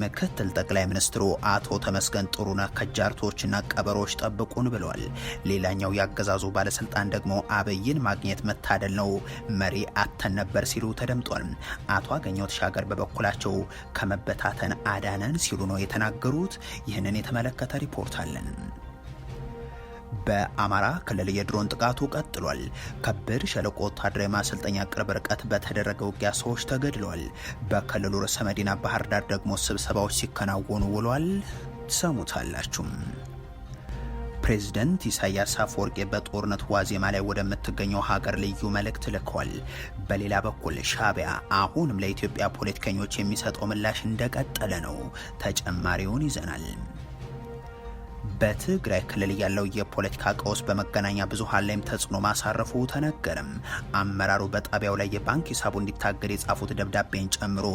ምክትል ጠቅላይ ሚኒስትሩ አቶ ተመስገን ጥሩነህ ከጃርቶችና ቀበሮች ጠብቁን ብለዋል። ሌላኛው ያገዛዙ ባለስልጣን ደግሞ አብይን ማግኘት መታደል ነው መሪ አተን ነበር ሲሉ ተደምጧል። አቶ አገኘሁ ተሻገር በበኩላቸው ከመበታተን አዳነን ሲሉ ነው የተናገሩት። ይህንን የተመለከተ ሪፖርት አለን። በአማራ ክልል የድሮን ጥቃቱ ቀጥሏል። ከብር ሸለቆ ወታደራዊ ማሰልጠኛ ቅርብ ርቀት በተደረገ ውጊያ ሰዎች ተገድለዋል። በክልሉ ርዕሰ መዲና ባህር ዳር ደግሞ ስብሰባዎች ሲከናወኑ ውሏል። ሰሙታላችሁም። ፕሬዚደንት ኢሳያስ አፈወርቂ በጦርነት ዋዜማ ላይ ወደምትገኘው ሀገር ልዩ መልእክት ልከዋል። በሌላ በኩል ሻቢያ አሁንም ለኢትዮጵያ ፖለቲከኞች የሚሰጠው ምላሽ እንደቀጠለ ነው። ተጨማሪውን ይዘናል። በትግራይ ክልል ያለው የፖለቲካ ቀውስ በመገናኛ ብዙሃን ላይም ተጽዕኖ ማሳረፉ ተነገርም። አመራሩ በጣቢያው ላይ የባንክ ሂሳቡ እንዲታገድ የጻፉት ደብዳቤን ጨምሮ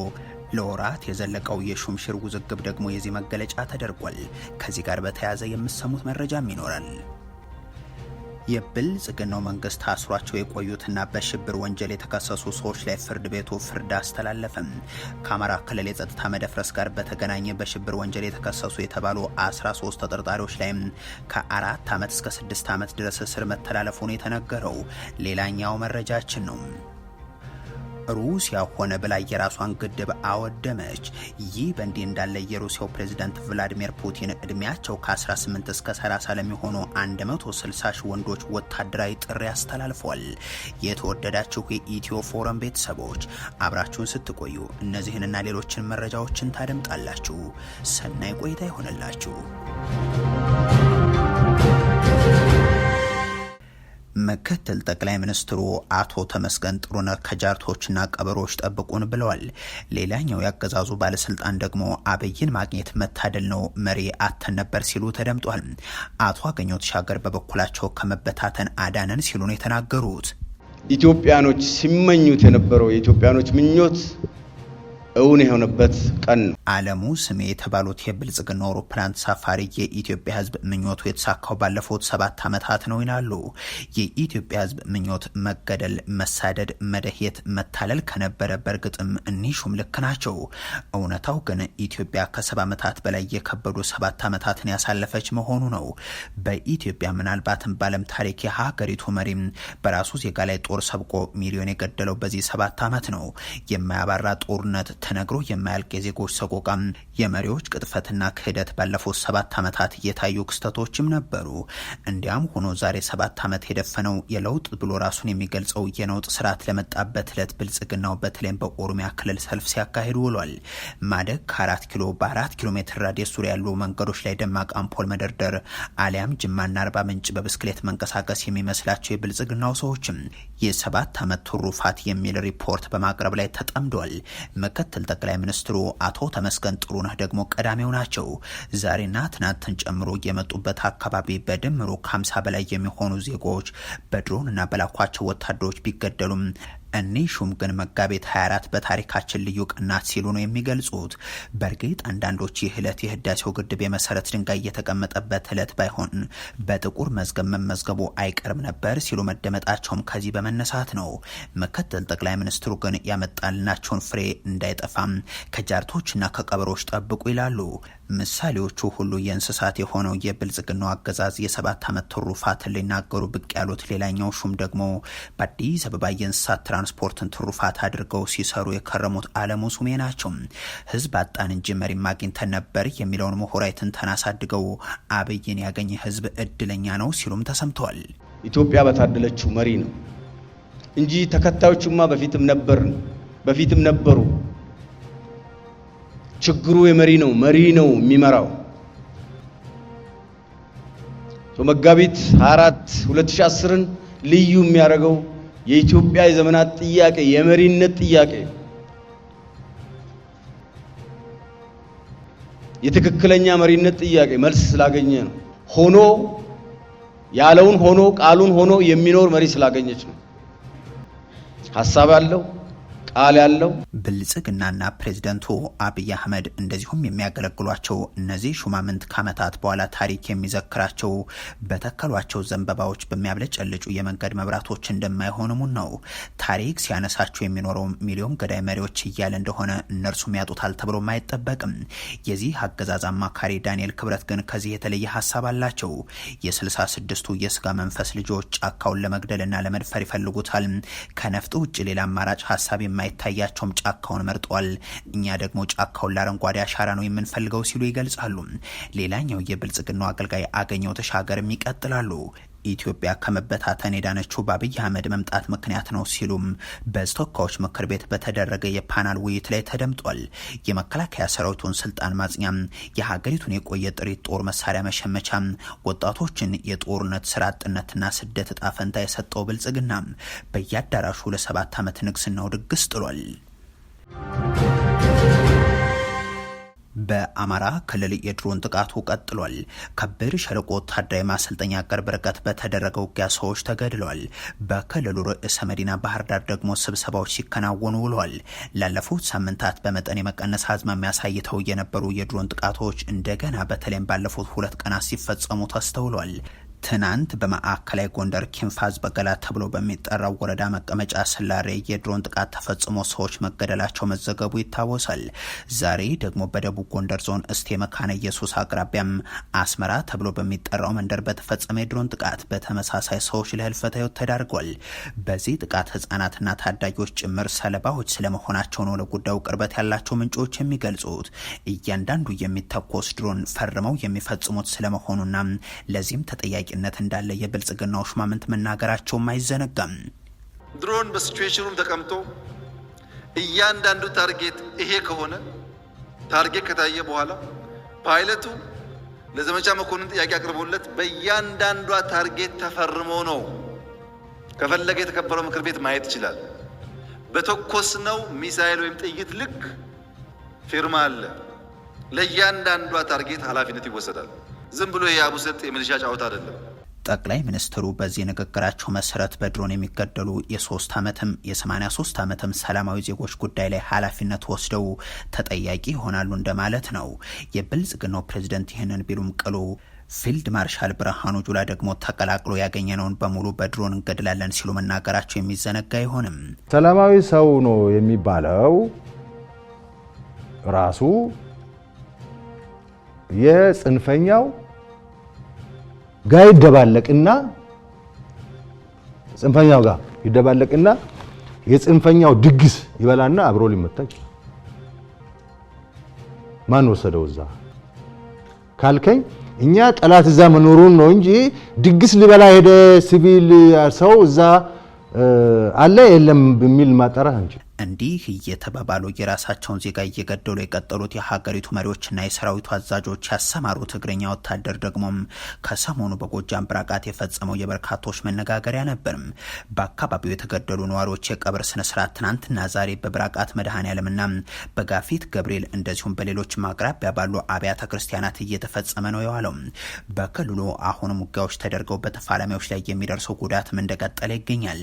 ለወራት የዘለቀው የሹምሽር ውዝግብ ደግሞ የዚህ መገለጫ ተደርጓል። ከዚህ ጋር በተያያዘ የምሰሙት መረጃም ይኖራል። የብልጽግናው መንግስት አስሯቸው የቆዩትና በሽብር ወንጀል የተከሰሱ ሰዎች ላይ ፍርድ ቤቱ ፍርድ አስተላለፈም። ከአማራ ክልል የጸጥታ መደፍረስ ጋር በተገናኘ በሽብር ወንጀል የተከሰሱ የተባሉ 13 ተጠርጣሪዎች ላይም ከአራት ዓመት እስከ ስድስት ዓመት ድረስ እስር መተላለፉን የተነገረው ሌላኛው መረጃችን ነው። ሩሲያ ሆነ ብላ የራሷን ግድብ አወደመች። ይህ በእንዲህ እንዳለ የሩሲያው ፕሬዝዳንት ቭላዲሚር ፑቲን እድሜያቸው ከ18 እስከ 30 ለሚሆኑ 160 ሺህ ወንዶች ወታደራዊ ጥሪ አስተላልፏል። የተወደዳችሁ የኢትዮ ፎረም ቤተሰቦች አብራችሁን ስትቆዩ እነዚህንና ሌሎችን መረጃዎችን ታደምጣላችሁ። ሰናይ ቆይታ ይሆንላችሁ። ምክትል ጠቅላይ ሚኒስትሩ አቶ ተመስገን ጥሩነህ ከጃርቶችና ቀበሮች ጠብቁን ብለዋል። ሌላኛው ያገዛዙ ባለስልጣን ደግሞ አብይን ማግኘት መታደል ነው መሪ አተን ነበር ሲሉ ተደምጧል። አቶ አገኘሁ ተሻገር በበኩላቸው ከመበታተን አዳነን ሲሉ ነው የተናገሩት። ኢትዮጵያኖች ሲመኙት የነበረው የኢትዮጵያኖች ምኞት እውን የሆነበት ቀን ነው። አለሙ ስሜ የተባሉት የብልጽግና አውሮፕላን ተሳፋሪ የኢትዮጵያ ሕዝብ ምኞቱ የተሳካው ባለፉት ሰባት ዓመታት ነው ይላሉ። የኢትዮጵያ ሕዝብ ምኞት መገደል፣ መሳደድ፣ መደሄት፣ መታለል ከነበረ በእርግጥም እኒሹም ልክ ናቸው። እውነታው ግን ኢትዮጵያ ከሰባ ዓመታት በላይ የከበዱ ሰባት ዓመታትን ያሳለፈች መሆኑ ነው። በኢትዮጵያ ምናልባትም በዓለም ታሪክ የሀገሪቱ መሪም በራሱ ዜጋ ላይ ጦር ሰብቆ ሚሊዮን የገደለው በዚህ ሰባት ዓመት ነው። የማያባራ ጦርነት ተነግሮ የማያልቅ የዜጎች ሰቆቃም፣ የመሪዎች ቅጥፈትና ክህደት ባለፉት ሰባት ዓመታት እየታዩ ክስተቶችም ነበሩ። እንዲያም ሆኖ ዛሬ ሰባት ዓመት የደፈነው የለውጥ ብሎ ራሱን የሚገልጸው የነውጥ ስርዓት ለመጣበት ዕለት ብልጽግናው በተለይም በኦሮሚያ ክልል ሰልፍ ሲያካሂዱ ውሏል። ማደግ ከአራት ኪሎ በአራት ኪሎ ሜትር ራዲየስ ዙሪያ ያሉ መንገዶች ላይ ደማቅ አምፖል መደርደር አሊያም ጅማና አርባ ምንጭ በብስክሌት መንቀሳቀስ የሚመስላቸው የብልጽግናው ሰዎችም የሰባት ዓመት ትሩፋት የሚል ሪፖርት በማቅረብ ላይ ተጠምዷል። ምክትል ጠቅላይ ሚኒስትሩ አቶ ተመስገን ጥሩነህ ደግሞ ቀዳሚው ናቸው። ዛሬና ትናንትን ጨምሮ የመጡበት አካባቢ በድምሩ ከ50 በላይ የሚሆኑ ዜጎች በድሮንና በላኳቸው ወታደሮች ቢገደሉም እኒህ ሹም ግን መጋቢት 24 በታሪካችን ልዩ ቅናት ሲሉ ነው የሚገልጹት። በእርግጥ አንዳንዶች ይህ ዕለት የህዳሴው ግድብ የመሰረት ድንጋይ የተቀመጠበት ዕለት ባይሆን በጥቁር መዝገብ መመዝገቡ አይቀርም ነበር ሲሉ መደመጣቸውም ከዚህ በመነሳት ነው። ምክትል ጠቅላይ ሚኒስትሩ ግን ያመጣልናቸውን ፍሬ እንዳይጠፋም ከጃርቶችና ከቀበሮች ጠብቁ ይላሉ። ምሳሌዎቹ ሁሉ የእንስሳት የሆነው የብልጽግናው አገዛዝ የሰባት ዓመት ትሩፋትን ሊናገሩ ብቅ ያሉት ሌላኛው ሹም ደግሞ በአዲስ አበባ የእንስሳት የትራንስፖርትን ትሩፋት አድርገው ሲሰሩ የከረሙት አለሙ ሱሜ ናቸው። ህዝብ አጣን እንጂ መሪ አግኝተን ነበር የሚለውን ምሁራዊ ትንተና አሳድገው አብይን ያገኘ ህዝብ እድለኛ ነው ሲሉም ተሰምተዋል። ኢትዮጵያ በታደለችው መሪ ነው እንጂ ተከታዮቹማ በፊትም ነበር በፊትም ነበሩ። ችግሩ የመሪ ነው፣ መሪ ነው የሚመራው። መጋቢት 24 2010ን ልዩ የሚያደርገው የኢትዮጵያ የዘመናት ጥያቄ የመሪነት ጥያቄ የትክክለኛ መሪነት ጥያቄ መልስ ስላገኘ ነው። ሆኖ ያለውን ሆኖ ቃሉን ሆኖ የሚኖር መሪ ስላገኘች ነው። ሀሳብ አለው። ቃል ያለው ብልጽግናና ፕሬዝደንቱ አብይ አህመድ እንደዚሁም የሚያገለግሏቸው እነዚህ ሹማምንት ከዓመታት በኋላ ታሪክ የሚዘክራቸው በተከሏቸው ዘንባባዎች በሚያብለጨልጩ የመንገድ መብራቶች እንደማይሆንሙን ነው። ታሪክ ሲያነሳቸው የሚኖረው ሚሊዮን ገዳይ መሪዎች እያለ እንደሆነ እነርሱም ያጡታል ተብሎም አይጠበቅም። የዚህ አገዛዝ አማካሪ ዳንኤል ክብረት ግን ከዚህ የተለየ ሀሳብ አላቸው። የስልሳ ስድስቱ የስጋ መንፈስ ልጆች ጫካውን ለመግደልና ለመድፈር ይፈልጉታል። ከነፍጥ ውጭ ሌላ አማራጭ ሀሳብ የማይታያቸውም ጫካውን መርጧል። እኛ ደግሞ ጫካውን ለአረንጓዴ አሻራ ነው የምንፈልገው ሲሉ ይገልጻሉ። ሌላኛው የብልጽግናው አገልጋይ አገኘው ተሻገርም ይቀጥላሉ። ኢትዮጵያ ከመበታተን የዳነችው በአብይ አህመድ መምጣት ምክንያት ነው ሲሉም በተወካዮች ምክር ቤት በተደረገ የፓናል ውይይት ላይ ተደምጧል። የመከላከያ ሰራዊቱን ስልጣን ማጽኛም፣ የሀገሪቱን የቆየ ጥሪት ጦር መሳሪያ መሸመቻም፣ ወጣቶችን የጦርነት ስራ አጥነትና ስደት እጣ ፈንታ የሰጠው ብልጽግና በየአዳራሹ ለሰባት ዓመት ንግስናው ድግስ ጥሏል። በአማራ ክልል የድሮን ጥቃቱ ቀጥሏል። ከብር ሸለቆ ወታደራዊ ማሰልጠኛ ቅርብ ርቀት በተደረገው ውጊያ ሰዎች ተገድለዋል። በክልሉ ርዕሰ መዲና ባህር ዳር ደግሞ ስብሰባዎች ሲከናወኑ ውለል። ላለፉት ሳምንታት በመጠን የመቀነስ አዝማሚያ አሳይተው የነበሩ የድሮን ጥቃቶች እንደገና በተለይም ባለፉት ሁለት ቀናት ሲፈጸሙ ተስተውሏል። ትናንት በማዕከላዊ ጎንደር ኪንፋዝ በገላ ተብሎ በሚጠራው ወረዳ መቀመጫ ስላሬ የድሮን ጥቃት ተፈጽሞ ሰዎች መገደላቸው መዘገቡ ይታወሳል። ዛሬ ደግሞ በደቡብ ጎንደር ዞን እስቴ መካነ ኢየሱስ አቅራቢያም አስመራ ተብሎ በሚጠራው መንደር በተፈጸመ የድሮን ጥቃት በተመሳሳይ ሰዎች ለህልፈተ ህይወት ተዳርጓል። በዚህ ጥቃት ህጻናትና ታዳጊዎች ጭምር ሰለባዎች ስለመሆናቸው ነው ለጉዳዩ ቅርበት ያላቸው ምንጮች የሚገልጹት። እያንዳንዱ የሚተኮስ ድሮን ፈርመው የሚፈጽሙት ስለመሆኑና ለዚህም ተጠያቂ ተጠያቂነት እንዳለ የብልጽግናው ሹማምንት መናገራቸውም አይዘነጋም። ድሮን በሲትዌሽኑም ተቀምጦ እያንዳንዱ ታርጌት ይሄ ከሆነ ታርጌት ከታየ በኋላ ፓይለቱ ለዘመቻ መኮንን ጥያቄ አቅርቦለት በእያንዳንዷ ታርጌት ተፈርሞ ነው። ከፈለገ የተከበረው ምክር ቤት ማየት ይችላል። በተኮስነው ሚሳይል ወይም ጥይት ልክ ፊርማ አለ። ለእያንዳንዷ ታርጌት ኃላፊነት ይወሰዳል። ዝም ብሎ የአቡሰጥ የምልሻ ጫወት አይደለም። ጠቅላይ ሚኒስትሩ በዚህ ንግግራቸው መሰረት በድሮን የሚገደሉ የሶስት ዓመትም የ83 ዓመትም ሰላማዊ ዜጎች ጉዳይ ላይ ኃላፊነት ወስደው ተጠያቂ ይሆናሉ እንደማለት ነው። የብልጽግናው ፕሬዚደንት ይህንን ቢሉም ቅሉ ፊልድ ማርሻል ብርሃኑ ጁላ ደግሞ ተቀላቅሎ ያገኘነውን በሙሉ በድሮን እንገድላለን ሲሉ መናገራቸው የሚዘነጋ አይሆንም። ሰላማዊ ሰው ነው የሚባለው ራሱ የጽንፈኛው ጋር ይደባለቅና ጽንፈኛው ጋር ይደባለቅና የጽንፈኛው ድግስ ይበላና አብሮ ሊመታ ማን ወሰደው እዛ ካልከኝ እኛ ጠላት እዛ መኖሩን ነው እንጂ ድግስ ሊበላ ሄደ ሲቪል ሰው እዛ አለ የለም በሚል ማጣራት አንችል። እንዲህ እየተባባሉ የራሳቸውን ዜጋ እየገደሉ የቀጠሉት የሀገሪቱ መሪዎችና የሰራዊቱ አዛዦች ያሰማሩት እግረኛ ወታደር ደግሞም ከሰሞኑ በጎጃም ብራቃት የፈጸመው የበርካቶች መነጋገሪያ ነበርም። በአካባቢው የተገደሉ ነዋሪዎች የቀብር ስነስርዓት ትናንትና ዛሬ በብራቃት መድኃኔዓለምና በጋፊት ገብርኤል እንደዚሁም በሌሎችም አቅራቢያ ባሉ አብያተ ክርስቲያናት እየተፈጸመ ነው የዋለው። በክልሉ አሁንም ውጊያዎች ተደርገው በተፋላሚዎች ላይ የሚደርሰው ጉዳትም እንደቀጠለ ይገኛል።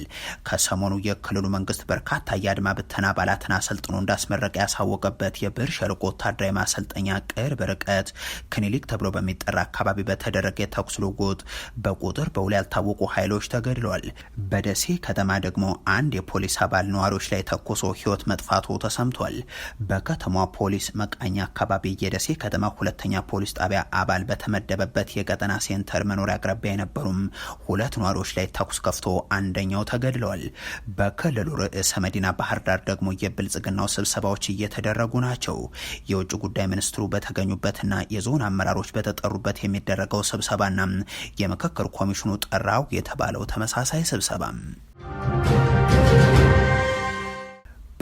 ከሰሞኑ የክልሉ መንግስት በርካታ የአድማ የመተን አባላትን አሰልጥኖ እንዳስመረቀ ያሳወቀበት የብር ሸርቆ ወታደራዊ ማሰልጠኛ ቅርብ ርቀት ክኒሊክ ተብሎ በሚጠራ አካባቢ በተደረገ የተኩስ ልውውጥ በቁጥር በውል ያልታወቁ ኃይሎች ተገድለዋል። በደሴ ከተማ ደግሞ አንድ የፖሊስ አባል ነዋሪዎች ላይ ተኩሶ ህይወት መጥፋቱ ተሰምቷል። በከተማ ፖሊስ መቃኛ አካባቢ የደሴ ከተማ ሁለተኛ ፖሊስ ጣቢያ አባል በተመደበበት የቀጠና ሴንተር መኖሪያ አቅራቢያ የነበሩም ሁለት ነዋሪዎች ላይ ተኩስ ከፍቶ አንደኛው ተገድለዋል። በክልሉ ርዕሰ መዲና ባህር ዳር ጋር ደግሞ የብልጽግናው ስብሰባዎች እየተደረጉ ናቸው። የውጭ ጉዳይ ሚኒስትሩ በተገኙበትና የዞን አመራሮች በተጠሩበት የሚደረገው ስብሰባና የምክክር ኮሚሽኑ ጠራው የተባለው ተመሳሳይ ስብሰባ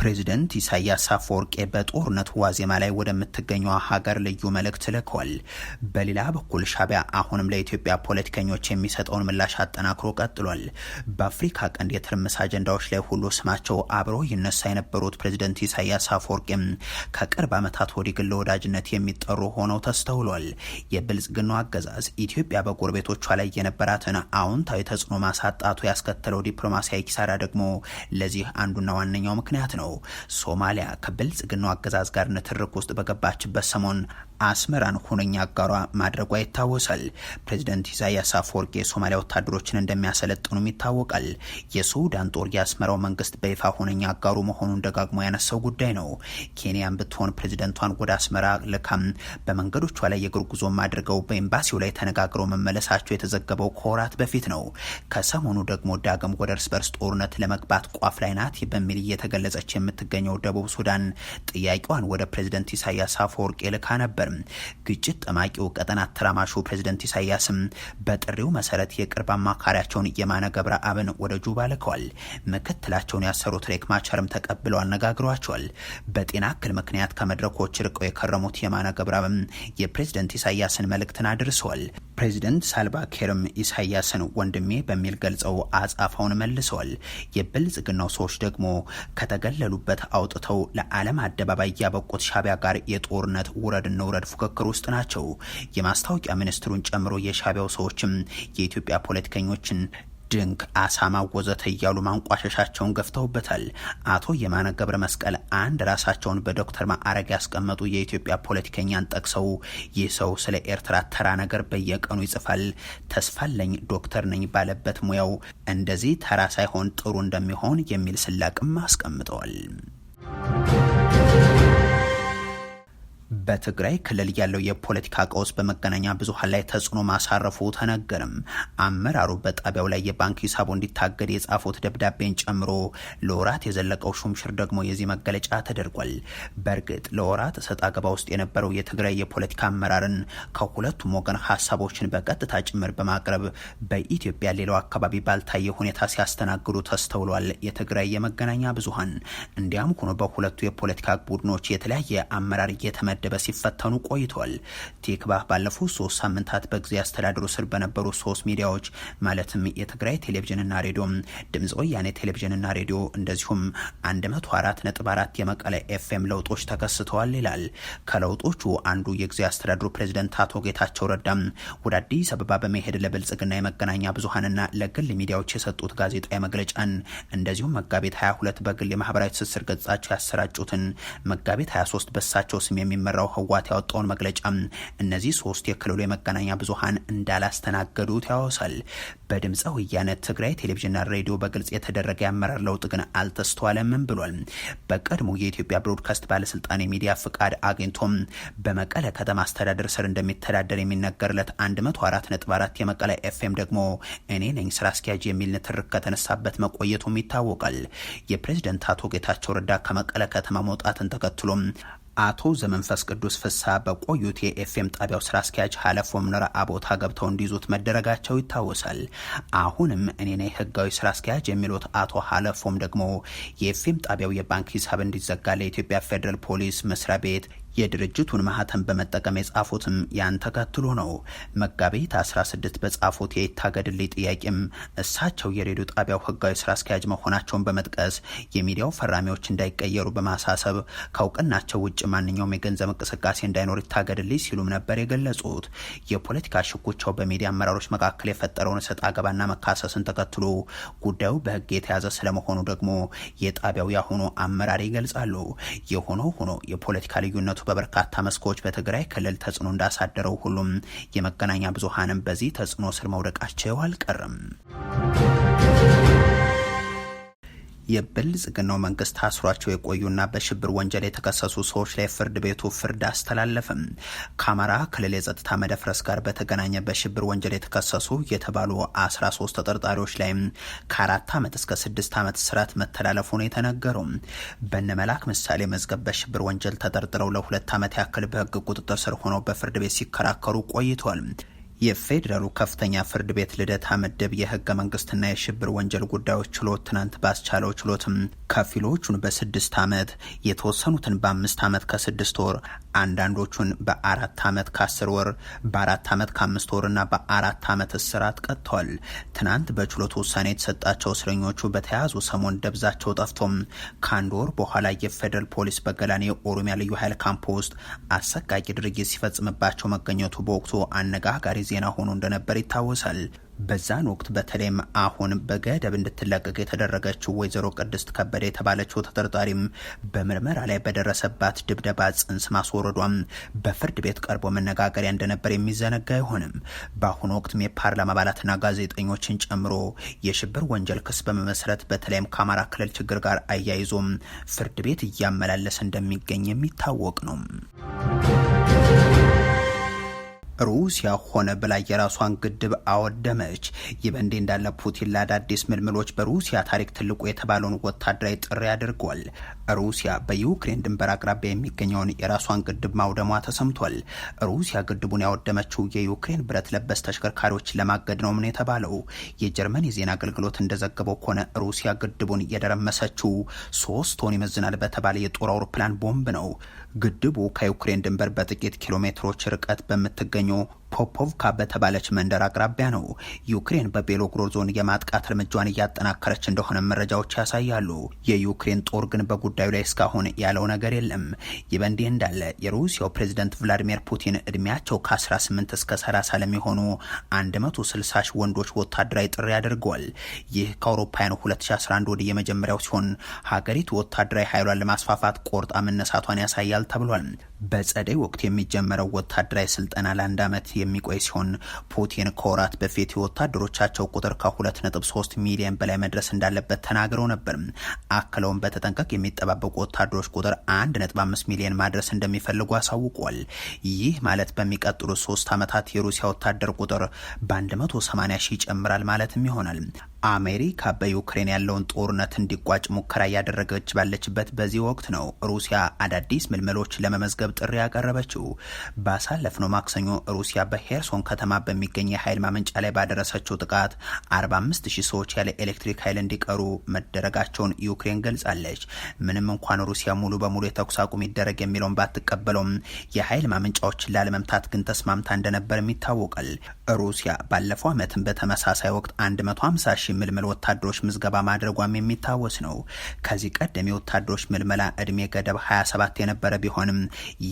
ፕሬዚደንት ኢሳያስ አፈወርቄ በጦርነቱ ዋዜማ ላይ ወደምትገኘ ሀገር ልዩ መልእክት ልከዋል። በሌላ በኩል ሻቢያ አሁንም ለኢትዮጵያ ፖለቲከኞች የሚሰጠውን ምላሽ አጠናክሮ ቀጥሏል። በአፍሪካ ቀንድ የትርምስ አጀንዳዎች ላይ ሁሉ ስማቸው አብረው ይነሳ የነበሩት ፕሬዚደንት ኢሳያስ አፈወርቄም ከቅርብ ዓመታት ወዲህ ግን ለወዳጅነት የሚጠሩ ሆነው ተስተውሏል። የብልጽግናው አገዛዝ ኢትዮጵያ በጎረቤቶቿ ላይ የነበራትን አዎንታዊ ተጽዕኖ ማሳጣቱ ያስከተለው ዲፕሎማሲያዊ ኪሳራ ደግሞ ለዚህ አንዱና ዋነኛው ምክንያት ነው። ሶማሊያ ከብልጽግናው አገዛዝ ጋር ንትርክ ውስጥ በገባችበት ሰሞን አስመራን ሁነኛ አጋሯ ማድረጓ ይታወሳል። ፕሬዚደንት ኢሳያስ አፈወርቂ የሶማሊያ ወታደሮችን እንደሚያሰለጥኑም ይታወቃል። የሱዳን ጦር የአስመራው መንግስት በይፋ ሁነኛ አጋሩ መሆኑን ደጋግሞ ያነሳው ጉዳይ ነው። ኬንያን ብትሆን ፕሬዚደንቷን ወደ አስመራ ልካም በመንገዶቿ ላይ የእግር ጉዞም አድርገው በኤምባሲው ላይ ተነጋግረው መመለሳቸው የተዘገበው ከወራት በፊት ነው። ከሰሞኑ ደግሞ ዳግም ወደ እርስ በርስ ጦርነት ለመግባት ቋፍ ላይ ናት በሚል እየተገለጸች የምትገኘው ደቡብ ሱዳን ጥያቄዋን ወደ ፕሬዚደንት ኢሳያስ አፈወርቂ ልካ ነበር። ነበር። ግጭት ጠማቂው ቀጠና አተራማሹ ፕሬዝደንት ኢሳያስም በጥሪው መሰረት የቅርብ አማካሪያቸውን የማነ አብን ወደ ጁባ ልከዋል። ምክትላቸውን ያሰሩት ሬክ ማቻርም ተቀብለው አነጋግሯቸዋል። በጤና እክል ምክንያት ከመድረኮች ርቀው የከረሙት የማነ ገብረአብም የፕሬዝደንት ኢሳያስን መልእክትን አድርሰዋል። ፕሬዚደንት ሳልቫኪርም ኢሳያስን ወንድሜ በሚል ገልጸው አጻፋውን መልሰዋል። የብልጽግናው ሰዎች ደግሞ ከተገለሉበት አውጥተው ለዓለም አደባባይ ያበቁት ሻቢያ ጋር የጦርነት ውረድ እንውረድ የመውረድ ፉክክር ውስጥ ናቸው። የማስታወቂያ ሚኒስትሩን ጨምሮ የሻቢያው ሰዎችም የኢትዮጵያ ፖለቲከኞችን ድንቅ አሳማ ወዘተ እያሉ ማንቋሸሻቸውን ገፍተውበታል። አቶ የማነ ገብረ መስቀል አንድ ራሳቸውን በዶክተር ማዕረግ ያስቀመጡ የኢትዮጵያ ፖለቲከኛን ጠቅሰው ይህ ሰው ስለ ኤርትራ ተራ ነገር በየቀኑ ይጽፋል፣ ተስፋለኝ ዶክተር ነኝ ባለበት ሙያው እንደዚህ ተራ ሳይሆን ጥሩ እንደሚሆን የሚል ስላቅም አስቀምጠዋል። በትግራይ ክልል ያለው የፖለቲካ ቀውስ በመገናኛ ብዙሃን ላይ ተጽዕኖ ማሳረፉ ተነገርም። አመራሩ በጣቢያው ላይ የባንክ ሂሳቡ እንዲታገድ የጻፉት ደብዳቤን ጨምሮ ለወራት የዘለቀው ሹምሽር ደግሞ የዚህ መገለጫ ተደርጓል። በእርግጥ ለወራት እሰጥ አገባ ውስጥ የነበረው የትግራይ የፖለቲካ አመራርን ከሁለቱም ወገን ሀሳቦችን በቀጥታ ጭምር በማቅረብ በኢትዮጵያ ሌላው አካባቢ ባልታየ ሁኔታ ሲያስተናግዱ ተስተውሏል። የትግራይ የመገናኛ ብዙሃን እንዲያም ሆኖ በሁለቱ የፖለቲካ ቡድኖች የተለያየ አመራር እየተመደ እየተደበደበ ሲፈተኑ ቆይቷል። ቲክቫህ ባለፉት ሶስት ሳምንታት በጊዜ አስተዳደሩ ስር በነበሩ ሶስት ሚዲያዎች ማለትም የትግራይ ቴሌቪዥንና ሬዲዮ፣ ድምፅ ወያኔ ቴሌቪዥንና ሬዲዮ እንደዚሁም 4 የመቀለ ኤፍኤም ለውጦች ተከስተዋል ይላል። ከለውጦቹ አንዱ የጊዜ አስተዳደሩ ፕሬዚደንት አቶ ጌታቸው ረዳም ወደ አዲስ አበባ በመሄድ ለብልጽግና የመገናኛ ብዙሀንና ለግል ሚዲያዎች የሰጡት ጋዜጣዊ መግለጫን እንደዚሁም መጋቢት 22 በግል የማህበራዊ ትስስር ገጻቸው ያሰራጩትን መጋቢት 23 በሳቸው ስም የሚመ የሚመራው ህወሓት ያወጣውን መግለጫ እነዚህ ሶስት የክልሉ የመገናኛ ብዙሀን እንዳላስተናገዱት ያወሳል። በድምፀ ወያነ ትግራይ ቴሌቪዥንና ሬዲዮ በግልጽ የተደረገ የአመራር ለውጥ ግን አልተስተዋለምም ብሏል። በቀድሞ የኢትዮጵያ ብሮድካስት ባለስልጣን የሚዲያ ፍቃድ አግኝቶም በመቀለ ከተማ አስተዳደር ስር እንደሚተዳደር የሚነገርለት 104.4 የመቀለ ኤፍኤም ደግሞ እኔ ነኝ ስራ አስኪያጅ የሚል ንትርክ ከተነሳበት መቆየቱም ይታወቃል። የፕሬዝደንት አቶ ጌታቸው ረዳ ከመቀለ ከተማ መውጣትን ተከትሎም አቶ ዘመንፈስ ቅዱስ ፍሳ በቆዩት የኤፍኤም ጣቢያው ስራ አስኪያጅ ሀለፎ ምንረአ አቦታ ገብተው እንዲይዙት መደረጋቸው ይታወሳል። አሁንም እኔ ነኝ ህጋዊ ስራ አስኪያጅ የሚሉት አቶ ሀለፎም ደግሞ የኤፍኤም ጣቢያው የባንክ ሂሳብ እንዲዘጋ ለኢትዮጵያ ፌዴራል ፖሊስ መስሪያ ቤት የድርጅቱን ማህተም በመጠቀም የጻፉትም ያን ተከትሎ ነው። መጋቢት 16 በጻፉት የይታገድልኝ ጥያቄም እሳቸው የሬዲዮ ጣቢያው ህጋዊ ስራ አስኪያጅ መሆናቸውን በመጥቀስ የሚዲያው ፈራሚዎች እንዳይቀየሩ በማሳሰብ ከእውቅናቸው ውጭ ማንኛውም የገንዘብ እንቅስቃሴ እንዳይኖር ይታገድልኝ ሲሉም ነበር የገለጹት። የፖለቲካ ሽኩቻው በሚዲያ አመራሮች መካከል የፈጠረውን እሰጥ አገባና መካሰስን ተከትሎ ጉዳዩ በህግ የተያዘ ስለመሆኑ ደግሞ የጣቢያው ያሁኑ አመራር ይገልጻሉ። የሆነ ሆኖ የፖለቲካ ልዩነቱ በበርካታ መስኮች በትግራይ ክልል ተጽዕኖ እንዳሳደረው ሁሉም የመገናኛ ብዙሃንም በዚህ ተጽዕኖ ስር መውደቃቸው አልቀርም። የብልጽግናው መንግስት አስሯቸው የቆዩና በሽብር ወንጀል የተከሰሱ ሰዎች ላይ ፍርድ ቤቱ ፍርድ አስተላለፈም። ከአማራ ክልል የጸጥታ መደፍረስ ጋር በተገናኘ በሽብር ወንጀል የተከሰሱ የተባሉ 13 ተጠርጣሪዎች ላይ ከአራት ዓመት እስከ ስድስት ዓመት ስርዓት መተላለፉ ነው የተነገረው። በነመላክ ምሳሌ መዝገብ በሽብር ወንጀል ተጠርጥረው ለሁለት ዓመት ያክል በህግ ቁጥጥር ስር ሆነው በፍርድ ቤት ሲከራከሩ ቆይቷል። የፌዴራሉ ከፍተኛ ፍርድ ቤት ልደታ ምድብ የህገ መንግስትና የሽብር ወንጀል ጉዳዮች ችሎት ትናንት ባስቻለው ችሎትም ከፊሎቹን በስድስት ዓመት የተወሰኑትን በአምስት ዓመት ከስድስት ወር አንዳንዶቹን በአራት ዓመት ከአስር ወር በአራት ዓመት ከአምስት ወርና በአራት ዓመት እስራት ቀጥተዋል። ትናንት በችሎት ውሳኔ የተሰጣቸው እስረኞቹ በተያዙ ሰሞን ደብዛቸው ጠፍቶም ከአንድ ወር በኋላ የፌደራል ፖሊስ በገላኔ ኦሮሚያ ልዩ ኃይል ካምፕ ውስጥ አሰቃቂ ድርጊት ሲፈጽምባቸው መገኘቱ በወቅቱ አነጋጋሪ ዜና ሆኖ እንደነበር ይታወሳል። በዛን ወቅት በተለይም አሁን በገደብ እንድትለቀቅ የተደረገችው ወይዘሮ ቅድስት ከበደ የተባለችው ተጠርጣሪም በምርመራ ላይ በደረሰባት ድብደባ ጽንስ ማስወረዷም በፍርድ ቤት ቀርቦ መነጋገሪያ እንደነበር የሚዘነጋ አይሆንም። በአሁኑ ወቅትም የፓርላማ አባላትና ጋዜጠኞችን ጨምሮ የሽብር ወንጀል ክስ በመመስረት በተለይም ከአማራ ክልል ችግር ጋር አያይዞም ፍርድ ቤት እያመላለስ እንደሚገኝ የሚታወቅ ነው። ሩሲያ ሆነ ብላ የራሷን ግድብ አወደመች። ይህ በእንዲህ እንዳለ ፑቲን ለአዳዲስ ምልምሎች በሩሲያ ታሪክ ትልቁ የተባለውን ወታደራዊ ጥሪ አድርጓል። ሩሲያ በዩክሬን ድንበር አቅራቢያ የሚገኘውን የራሷን ግድብ ማውደሟ ተሰምቷል። ሩሲያ ግድቡን ያወደመችው የዩክሬን ብረት ለበስ ተሽከርካሪዎች ለማገድ ነው ምን የተባለው። የጀርመን የዜና አገልግሎት እንደዘገበው ከሆነ ሩሲያ ግድቡን የደረመሰችው ሶስት ቶን ይመዝናል በተባለ የጦር አውሮፕላን ቦምብ ነው። ግድቡ ከዩክሬን ድንበር በጥቂት ኪሎ ሜትሮች ርቀት በምትገኘው ፖፖቭካ በተባለች መንደር አቅራቢያ ነው። ዩክሬን በቤሎግሮድ ዞን የማጥቃት እርምጃዋን እያጠናከረች እንደሆነ መረጃዎች ያሳያሉ። የዩክሬን ጦር ግን በጉዳዩ ላይ እስካሁን ያለው ነገር የለም። ይህ በእንዲህ እንዳለ የሩሲያው ፕሬዝደንት ቭላዲሚር ፑቲን እድሜያቸው ከ18 እስከ 30 ለሚሆኑ 160 ሺህ ወንዶች ወታደራዊ ጥሪ አድርገዋል። ይህ ከአውሮፓውያኑ 2011 ወዲህ የመጀመሪያው ሲሆን ሀገሪቱ ወታደራዊ ኃይሏን ለማስፋፋት ቆርጣ መነሳቷን ያሳያል ተብሏል። በጸደይ ወቅት የሚጀመረው ወታደራዊ ስልጠና ለአንድ ዓመት የሚቆይ ሲሆን ፑቲን ከወራት በፊት የወታደሮቻቸው ቁጥር ከ2.3 ሚሊዮን በላይ መድረስ እንዳለበት ተናግረው ነበር። አክለውም በተጠንቀቅ የሚጠባበቁ ወታደሮች ቁጥር 1.5 ሚሊዮን ማድረስ እንደሚፈልጉ አሳውቋል። ይህ ማለት በሚቀጥሉ ሶስት ዓመታት የሩሲያ ወታደር ቁጥር በ180 ሺህ ይጨምራል ማለትም ይሆናል። አሜሪካ በዩክሬን ያለውን ጦርነት እንዲቋጭ ሙከራ እያደረገች ባለችበት በዚህ ወቅት ነው ሩሲያ አዳዲስ ምልምሎች ለመመዝገብ ጥሪ ያቀረበችው። ባሳለፍነው ማክሰኞ ሩሲያ በሄርሶን ከተማ በሚገኝ የኃይል ማመንጫ ላይ ባደረሰችው ጥቃት 45 ሺህ ሰዎች ያለ ኤሌክትሪክ ኃይል እንዲቀሩ መደረጋቸውን ዩክሬን ገልጻለች። ምንም እንኳን ሩሲያ ሙሉ በሙሉ የተኩስ አቁም ይደረግ የሚለውን ባትቀበለውም የኃይል ማመንጫዎችን ላለመምታት ግን ተስማምታ እንደነበርም ይታወቃል። ሩሲያ ባለፈው ዓመትም በተመሳሳይ ወቅት 150 ምልምል ወታደሮች ምዝገባ ማድረጓም የሚታወስ ነው። ከዚህ ቀደም የወታደሮች ምልመላ እድሜ ገደብ 27 የነበረ ቢሆንም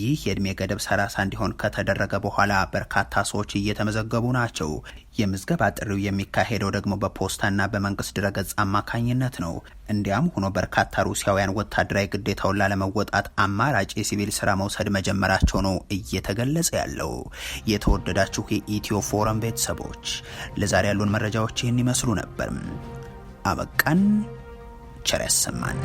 ይህ የእድሜ ገደብ 30 እንዲሆን ከተደረገ በኋላ በርካታ ሰዎች እየተመዘገቡ ናቸው። የምዝገባ ጥሪው የሚካሄደው ደግሞ በፖስታና በመንግስት ድረገጽ አማካኝነት ነው። እንዲያም ሆኖ በርካታ ሩሲያውያን ወታደራዊ ግዴታውን ላለመወጣት አማራጭ የሲቪል ስራ መውሰድ መጀመራቸው ነው እየተገለጸ ያለው። የተወደዳችሁ የኢትዮ ፎረም ቤተሰቦች ለዛሬ ያሉን መረጃዎች ይህን ይመስሉ ነበር። አበቃን። ቸር ያሰማን።